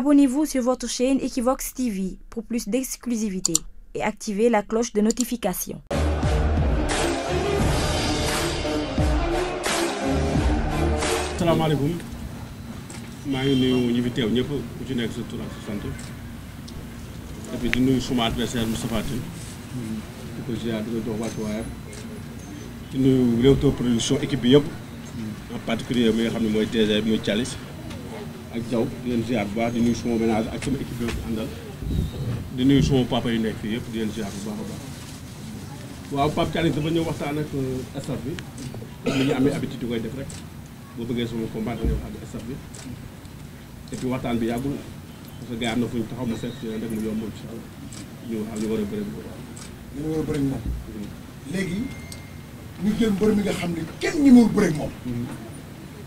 Abonnez-vous sur votre chaîne Equivox TV pour plus d'exclusivité et activez la cloche de notification. asalaamaaleykum maa ngi nuyu ñi fi teew ñëpp ku ci nekk sa tur et puis suma adversaire Moustapha Tine di ko production équipe bi yëpp en particulier mi nga xam ne mooy DG muy Thialis ak jaw di leen ziar bu baax di nuyu suma ménage ak sama équipe yooyu àndal di nuyu suma papa nekk fii yëpp di leen ziar bu baax a baax waaw Pape Thialis dafa ñëw waxtaan ak euh, staff bi li ñu amee habitude koy def rek boo bëggee sama combat da ngay wax ak staff bi et bi yàggul parce que gars am na fu ñu taxaw ma seet si rek mu yomb incha allah ñu war a bëri moom léegi ñu jël mbër mi nga xam ni kenn ñi mënul bëri moom mm-hmm.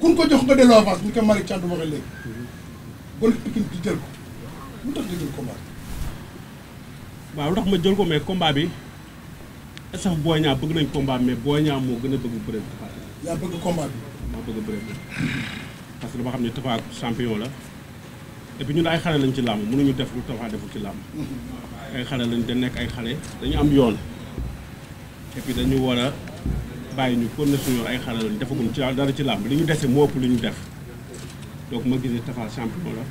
kun ko jox nga delloo avance ni ko Malick Thiandoum waxee léegi jël ko lu tax waaw lu ma jël ko mais combat bi est-ce que Boy Niang bëgg nañ combat mais Boy Niang moo gën a bëgg bëre Tapha Tine. bëgg combat bi. bëgg bëre parce que dama xam ne Tapha champion la et ñu ñun ay xale lañ ci làmb ñu def lu Tapha deful ci làmb. Mm-hmm. ay xale lañ da nekk ay xale dañu am yoon et dañu war bàyyi ñu kon na suñu ay xarala ñu defaguñ ci dara ci làmb lu ñu dese moo ëpp lu ñu def donc ma gisee Tapha champion la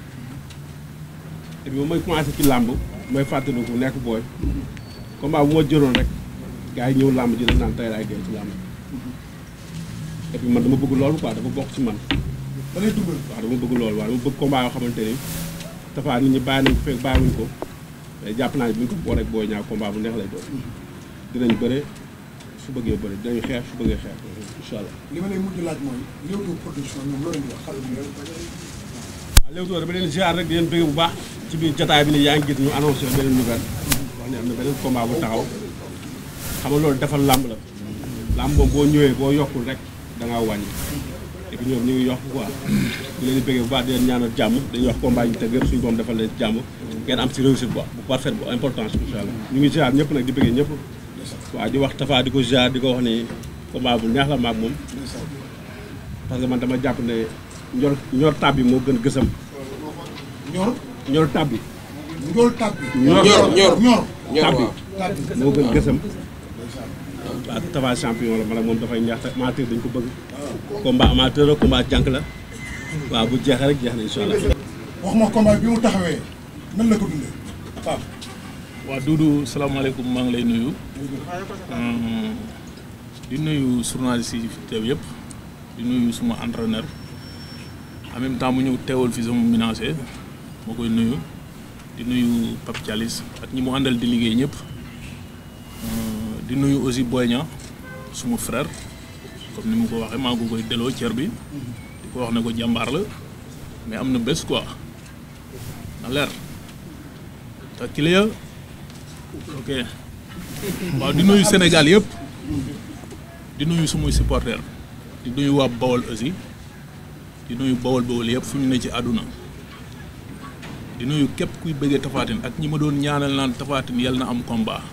et puis mooy commencé ci làmb mooy fàttaliku nekk booy combat bu ma jëloon rek gars yi ñëw làmb ji dañ naan tey laay génn ci dama bëgg loolu quoi dafa bokk ci man. da lay dugal waaw dama bëgg lool waa dama bëgg combat yoo xamante ni Tapha nit ñi bàyyi nañ ko fekk bàyyiwuñ ko mais jàpp naa ne bu ñu ko rek booy ñaar combat bu neex lay doon dinañ bëre. su bëggee bëri dañuy xeex su bëggee xeex incha li ma lay mujj laaj mooy Leewtoo production ñoom loolu wax xale bu waaw Leewtoo dama leen ziar rek di leen bu baax ci biir jotaay bi nii yaa ngi gis ñu annoncé beneen nouvelle wax ne am na beneen combat bu taxaw xam nga loolu defal làmb la làmb moom boo ñëwee boo yokkul rek da ngaa wàññi et ñoom ñu ngi yokk quoi di leen bëgg bu baax di leen jàmm dañuy wax combat ñu teg yëpp suñu boom defal leen jàmm ngeen am si réussite bu bu parfaite bu importance incha ñu ngi ziar ñëpp nag di bëgg ñëpp waa ji wax Tafa di ko jaar di ko wax ne combat bu neex la maag moom parce que man dama jàpp ne ñor ñor tab bi moo gën gësëm ñor ñor tab bi ñor tab bi ñor ñor champion la man ak moom dafay ñaax te amateur dañ ko bëgg combat amateur la combat jànk la waaw bu jeexee rek jeex na incha allah wax ma combat bi mu taxawee waaw Doudou salaamaaleykum maa ngi lay nuyu hmm, di nuyu journaliste yi fi teew yëpp di nuyu suma entraîneur en même temps mu ñëw teewal fi sama menacé moo koy nuyu di nuyu Pape Thialis ak ñi mu àndal di liggéey ñëpp hmm, di nuyu aussi Boy Niang suma frère comme ni mu ko waxee maa ngi koy delloo cër bi di ko wax na ko jàmbaar la mais am na bés quoi na leer te waaw di nuyu Sénégal yëpp di nuyu sumuy supporter di nuyu waa Bawol aussi di nuyu Bawol Bawol yëpp fu ñu ne ci àdduna di nuyu képp kuy bëggee Tapha ak ñi ma doon ñaanal naan Tapha Tine yàlla na am combat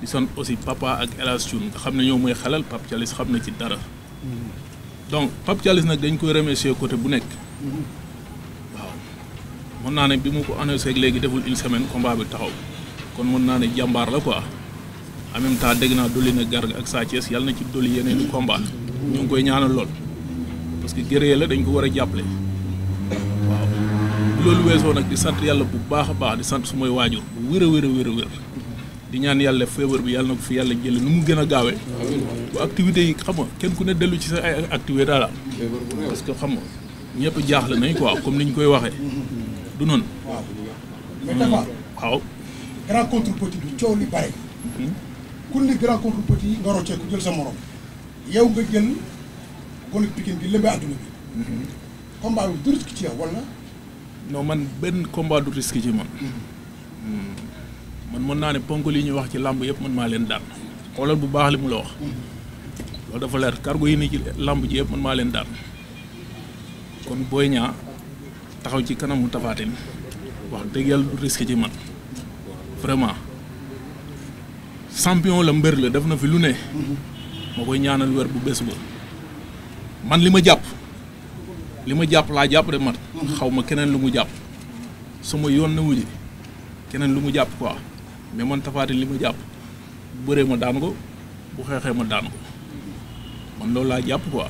di son aussi papa ak El nga xam ne ñoo mooy xelal Pape Thialis xam na ci dara donc Pape Thialis nag dañ koy remercier côté bu nekk waaw mën naa ne bi mu ko annoncé léegi deful une semaine combat bi taxaw. kon mën naa ne jàmbaar la quoi en même temps dégg naa dolli na Garga ak Sa Thiès yàlla na ci dolli yeneen i combat ñu ngi koy ñaanal lool parce que la dañ ko war a jàppale waaw bu loolu weesoo nag di sant yàlla bu baax a baax di sant su may waajur bu wér a wér wér a di ñaan yàlla feebar bi yàlla na ko fi yàlla jële nu mu gën a gaawee bu activités yi xam nga kenn ku ne dellu ci sa ay activité daal parce que xam nga ñëpp jaaxle nañ quoi comme ni ñu koy waxee du noonu hmm. waaw grand contre petit bi coow li bare kun ni grand contre petit nga roccee ku jël sa morom yow nga jël gone Pikine bi lébe àdduna bi combat du risque ci yow wala non man benn combat du risque ci man man mën naa ne ponk li ñuy wax ci làmb yëpp man maa leen daan xoolal bu baax li mu la wax loolu dafa leer cargo yi nii ci làmb ji yëpp man maa leen daan kon booy ñaa taxaw ci kanamu Tapha Tine wax dëgg du risque ci man vraiment champion la mbër la def na fi lu ne ma koy ñaanal wér bu bés ba man li ma jàpp li ma jàpp laa jàpp de mat xaw ma keneen lu mu jàpp sama yoon na wuji keneen lu mu jàpp ko mais man tafaati li ma jàpp bu bëree ma daan ko bu xeexee ma daan ko man loolu laa jàpp ko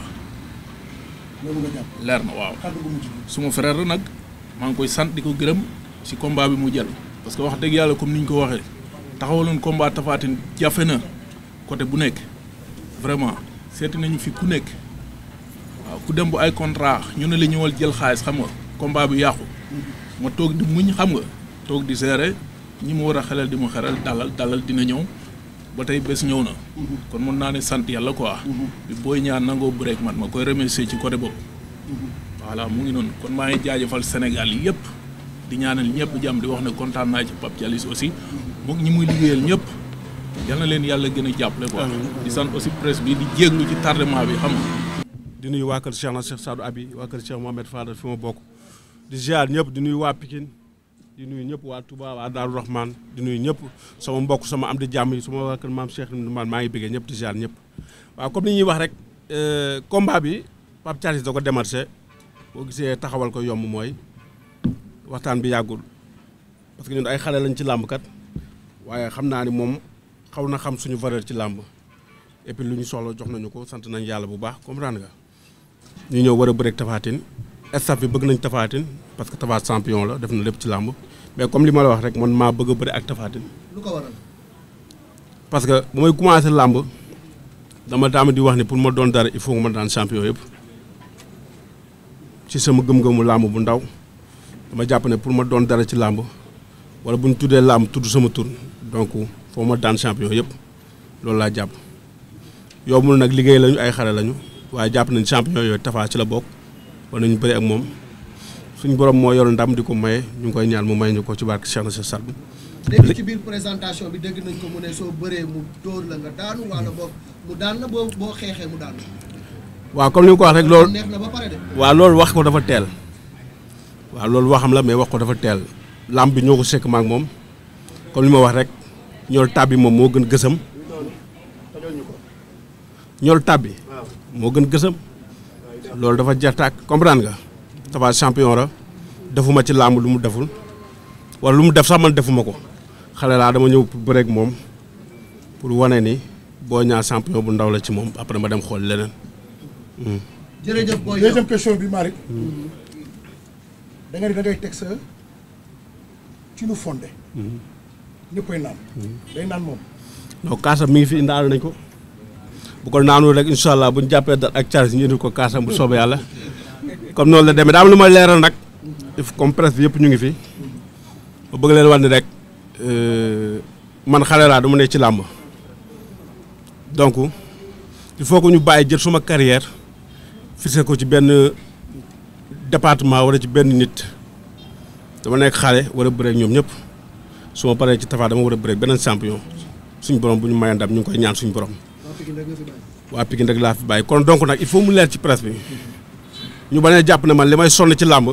leer na waaw su suma frère nag maa ngi koy sant di ko gërëm ci combat bi mu jël parce que wax dëgg yàlla comme ni ñu ko waxee taxawaloon combat Tapha Tine jafe na côté bu nekk vraiment seeti nañu fi ku nekk waaw ku dem bu ay contrat ñu ne la ñëwal jël xaalis xam nga combat bu yàqu ma toog di muñ xam nga toog di seere ñi mu war a xelal di ma xelal dalal dalal dina ñëw ba tey bés ñëw na. kon mën naa ne sant yàlla quoi. bi booy ñaar nangoo bëreek man ma koy remercier ci côté boobu. voilà mu ngi noonu kon maa ngi jaajafal Sénégal yëpp. di ñaanal ñëpp jàmm di wax ne kontaan naa ci Pape Thialis aussi moom ñi muy liggéeyal ñëpp yal na leen yàlla gën a jàppale quoi di sant aussi presse bi di jéeglu ci tardement bi xam di nuy waa kër Cheikh na Cheikh Sadou Abi waa kër Cheikh Mohamed Fadal fi bokk di ziar ñëpp di nuyu waa Pikine di nuyu ñëpp waa Touba waa Daaru Rahman di nuy ñëpp sama mbokk sama am di jàmm yi sama waa kër maam Cheikh man maa ngi bëggee ñëpp di ziar ñëpp waa kom ni ñuy wax rek euh, combat bi Pape Thialis da ko démarché boo gisee taxawal ko yomb mooy waxtaan bi yàggul parce que ñun ay xale lañ ci làmb kat waaye xam naa ni moom xaw na xam suñu valeur ci làmb et puis lu ñu soxla jox nañu ko sant nañ yàlla bu baax comprendre nga. ñu ñëw war a bëreeg Tapha Tine staff bi bëgg nañ Tapha parce que Tapha champion la def na lépp ci làmb mais comme li ma la wax rek man maa bëgg a bëri ak Tapha Tine. lu parce que bu may commencé làmb dama daama di wax ni pour ma doon dara il faut ma daan champion yëpp sama gëm làmb bu ndaw. dama jàpp ne pour ma doon dara ci làmb wala bu ñu tuddee làmb tudd sama tur donc foo ma daan champion yëpp loolu laa jàpp yombul nag liggéey lañu ay xare lañu waaye jàpp nañ champion yooyu Tapha ci la bokk war nañu bëri ak moom suñ borom moo yor ndam di ko maye ñu ngi koy ñaan mu may ñu ko ci barke Cheikh Nassir Sall. léegi ci biir présentation ko soo bëree mu comme ni ko wax rek loolu. neex na loolu wax ko dafa teel. waaw loolu waxam la mais wax ko dafa teel làmb bi ñoo ko sekk maak moom comme li ma wax rek ñool tàbbi moom moo gën gësam ñool tàbbi moo gën gësam loolu dafa jeex jartaak comprendre nga Tapha champion ra defuma ci làmb lu mu deful wala lu mu def sax man defuma ko xale laa dama ñëw pour bëreeg moom pour wane ni boo ñaar champion bu ndaw la ci moom après ma dem xool leneen. Hmm. da nga ne da ngay mhm. mhm. kaasam mi ngi fi indaale nañ ko. bu ko naanul rek incha bu ñu jàppee date ak charge ñu indi ko kaasam bu soobee yàlla. comme noonu la demee daa am lu may leeral nag. comme presse bi yëpp ñu ngi fi. ba bëgg leen wan ni rek euh, man xalelaa laa dama ne ci làmb. donc il faut ko ñu bàyyi jël suma carrière fixé ko ci benn. département wala ci benn nit dama nekk xale war a bëreeg ñoom ñëpp su ma paree ci Tapha dama war a bëreeg beneen champion suñu borom bu ñu mayee ndam ñu ngi koy ñaan suñu borom. waa Pikine rek laa fi bàyyi kon donc nag il faut mu leer ci presse bi ñu bañ a jàpp na man li may sonn ci làmb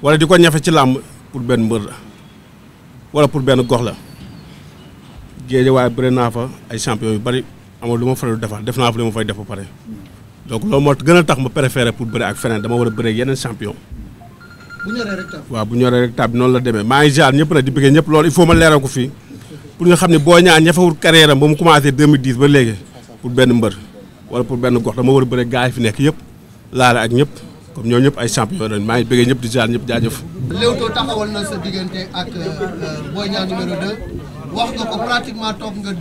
wala di ko ñafe ci làmb pour benn mbër la wala pour benn gox la géej waaye bëre naa fa ay champion yu bari amul lu ma faral di defar def naa fa li ma fay def ba pare. donc loolu moo gën a tax ma préféré pour bëre ak feneen dama war a bëre ak yeneen champion. bu waaw bu ñoree rek tab bi noonu la demee maa ngi jaar ñëpp nag di bëggee ñëpp loolu il faut ma leeral ko fii pour nga xam ne boo ñaan ñafewul carrière am ba mu commencé ba léegi pour benn mbër wala pour benn gox dama war a bëre gaa yi fi nekk yëpp laale ak ñëpp comme ñoo ñëpp ay champion maa ngi bëggee ñëpp di jaar ñëpp jaajëf. Leewtoo taxawal na sa diggante ak euh,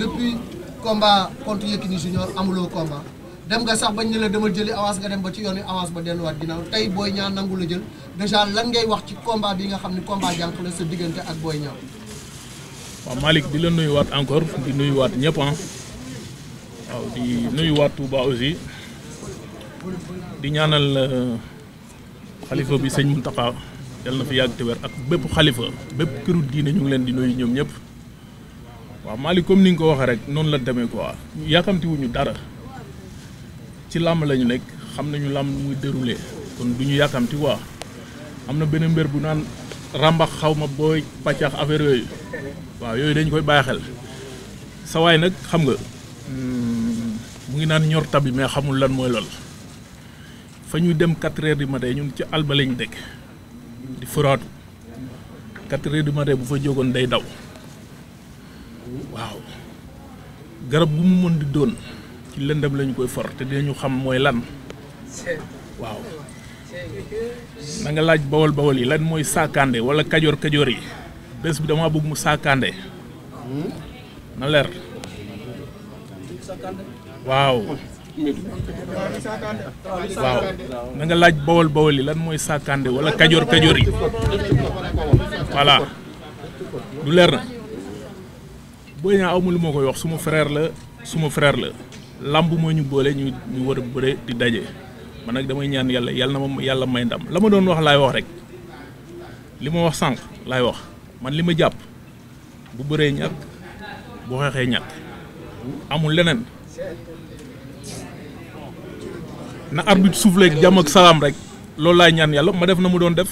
euh, Boy dem nga sax bañ ne la demal jëli avance nga dem ba ci yoon wi avance ba delluwaat ginnaaw tey Boy Niang nangu la jël déjà lan ngay wax ci combat bi nga xam ne combat jànq la sa diggante ak Boy Niang. waaw Malick di la nuyuwaat encore di nuyuwaat ñëpp ah waaw di nuyuwaat di ñaanal euh, xalifa bi sëñ Mountakha yal na fi yàgg te wér ak bépp xalifa bépp këru diine ñu ngi leen di nuyu ñoom ñëpp waaw Malick comme ni nga ko waxee rek noonu la demee quoi yàkkamti wuñu dara. ci làmb la ñu nekk xam nañu làmb nu muy déroulé kon du ñu yàkkamti quoi am na beneen mbir bu naan ràmbax xaw ma booy pàccax affaire yooyu waaw yooyu dañ koy bàyyi xel sa waay nag xam nga mm, mu ngi naan ñor tabi mais xamul lan mooy lool fa ñuy dem 4 heures du matin ñun ci alba lañ dëkk di fëraatu 4 heures du matin bu fa jógoon day daw waaw garab bu mu mën di doon. lëndam lañu koy for te dinañu xam mooy lan waaw na nga laaj bawol bawol yi lan mooy saakaande wala kajoor kajoor yi bés bi dama bëgg mu saakaande na leer laaj bawol bawol yi lan mooy saakaande wala kajoor kajoor yi du leer na booy ñaa amul moo koy wax suma frère la suma frère la làmb moo ñu boole ñu ñu war a bëre di daje man nag damay ñaan yàlla yàlla na ma yàlla may ndam la ma doon wax laay wax rek li ma wax sànq laay wax man li ma jàpp bu bëree ñàkk bu xeexee ñàkk amul leneen na suuf soufflé jàmm ak salaam rek loolu laay ñaan yàlla ma def na mu doon def.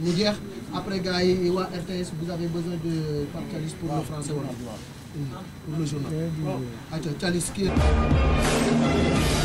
mu jeex après gars yi waa RTS vous avez besoin de Pape Thialis pour le français wala pour le journal. ayca Thialis kii